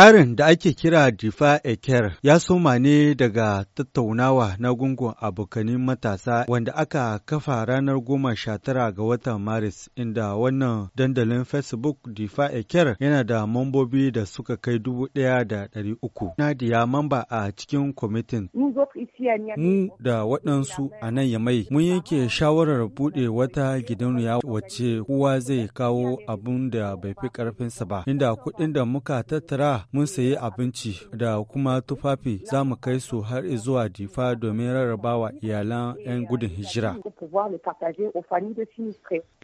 Tsarin da ake kira Difa Eker ya soma ne daga tattaunawa na gungun abokanin matasa wanda aka kafa ranar goma sha tara ga watan Maris inda wannan dandalin Facebook Difa Eker yana da mambobi da suka kai dubu ɗaya da ɗari uku. Nadiya mamba a cikin kwamitin. Mu da waɗansu a nan ya yamai mun yanke shawarar buɗe wata gidauniya wacce kowa zai kawo abun da bai fi ƙarfinsa ba inda kuɗin da muka tattara mun sayi abinci da kuma tufafi za mu kai su har zuwa difa domin rarrabawa iyalan 'yan gudun hijira.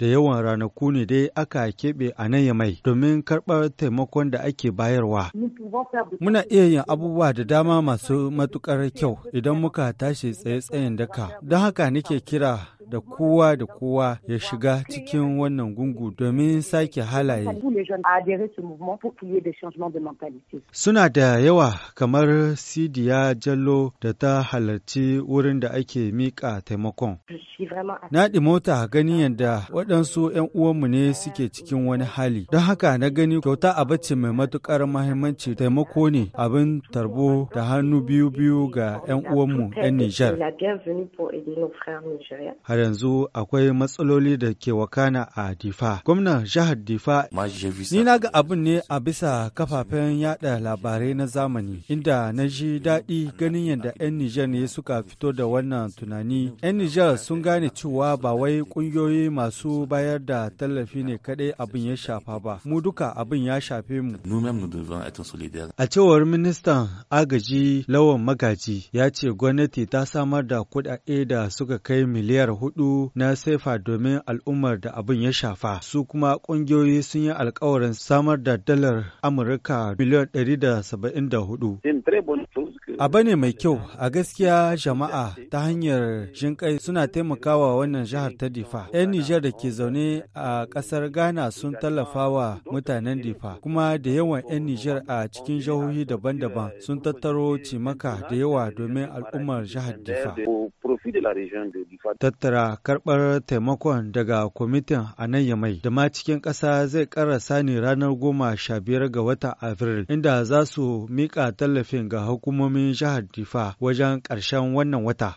Da yawan ranaku ne dai aka keɓe a nan mai domin karbar taimakon da ake bayarwa. Muna iya yin abubuwa da dama masu matuƙar kyau idan muka tashi tsaye-tsayen daka. Don haka nake kira da kowa da kowa ya shiga cikin wannan gungu domin sake halaye. Suna da yawa kamar Sidiya Jallo da ta halarci wurin da ake miƙa taimakon. jama'a. Na mota gani yadda waɗansu 'yan uwanmu ne suke cikin wani hali. Don haka na gani kyauta a ce mai matuƙar mahimmanci taimako ne abin tarbo da hannu biyu biyu ga 'yan uwanmu 'yan Nijar. Har yanzu akwai matsaloli da ke wakana a Difa. Gwamnan jihar Difa ni na ga abin ne a bisa kafafen yada labarai na zamani inda na ji daɗi ganin yadda 'yan Nijar ne suka fito da wannan tunani. 'Yan Nijar sun gane gane cewa ba wai kungiyoyi masu bayar da tallafi ne kadai abin ya shafa ba. Mu duka abin ya shafe mu. A cewar ministan agaji lawan magaji ya ce gwamnati ta samar da kudade da suka kai miliyar hudu na sefa domin al'ummar da abin ya shafa. Su kuma kungiyoyi sun yi alkawarin samar da dalar Amurka miliyan 174. Abu ne mai kyau a gaskiya jama'a ta hanyar jinƙai suna taimakawa wannan jihar ta Difa. 'Yan Nijar da ke zaune a ƙasar Ghana sun tallafa wa mutanen Difa, kuma da yawan 'yan Nijar a cikin jihohi daban-daban sun tattaro cimaka da yawa domin al'ummar jihar Difa. Tattara karɓar taimakon daga kwamitin a nan Yamai da ma cikin ƙasa zai ƙarasa ne ranar goma sha biyar ga watan Afril inda za su miƙa tallafin ga hukumomin jihar Difa wajen ƙarshen wannan wata.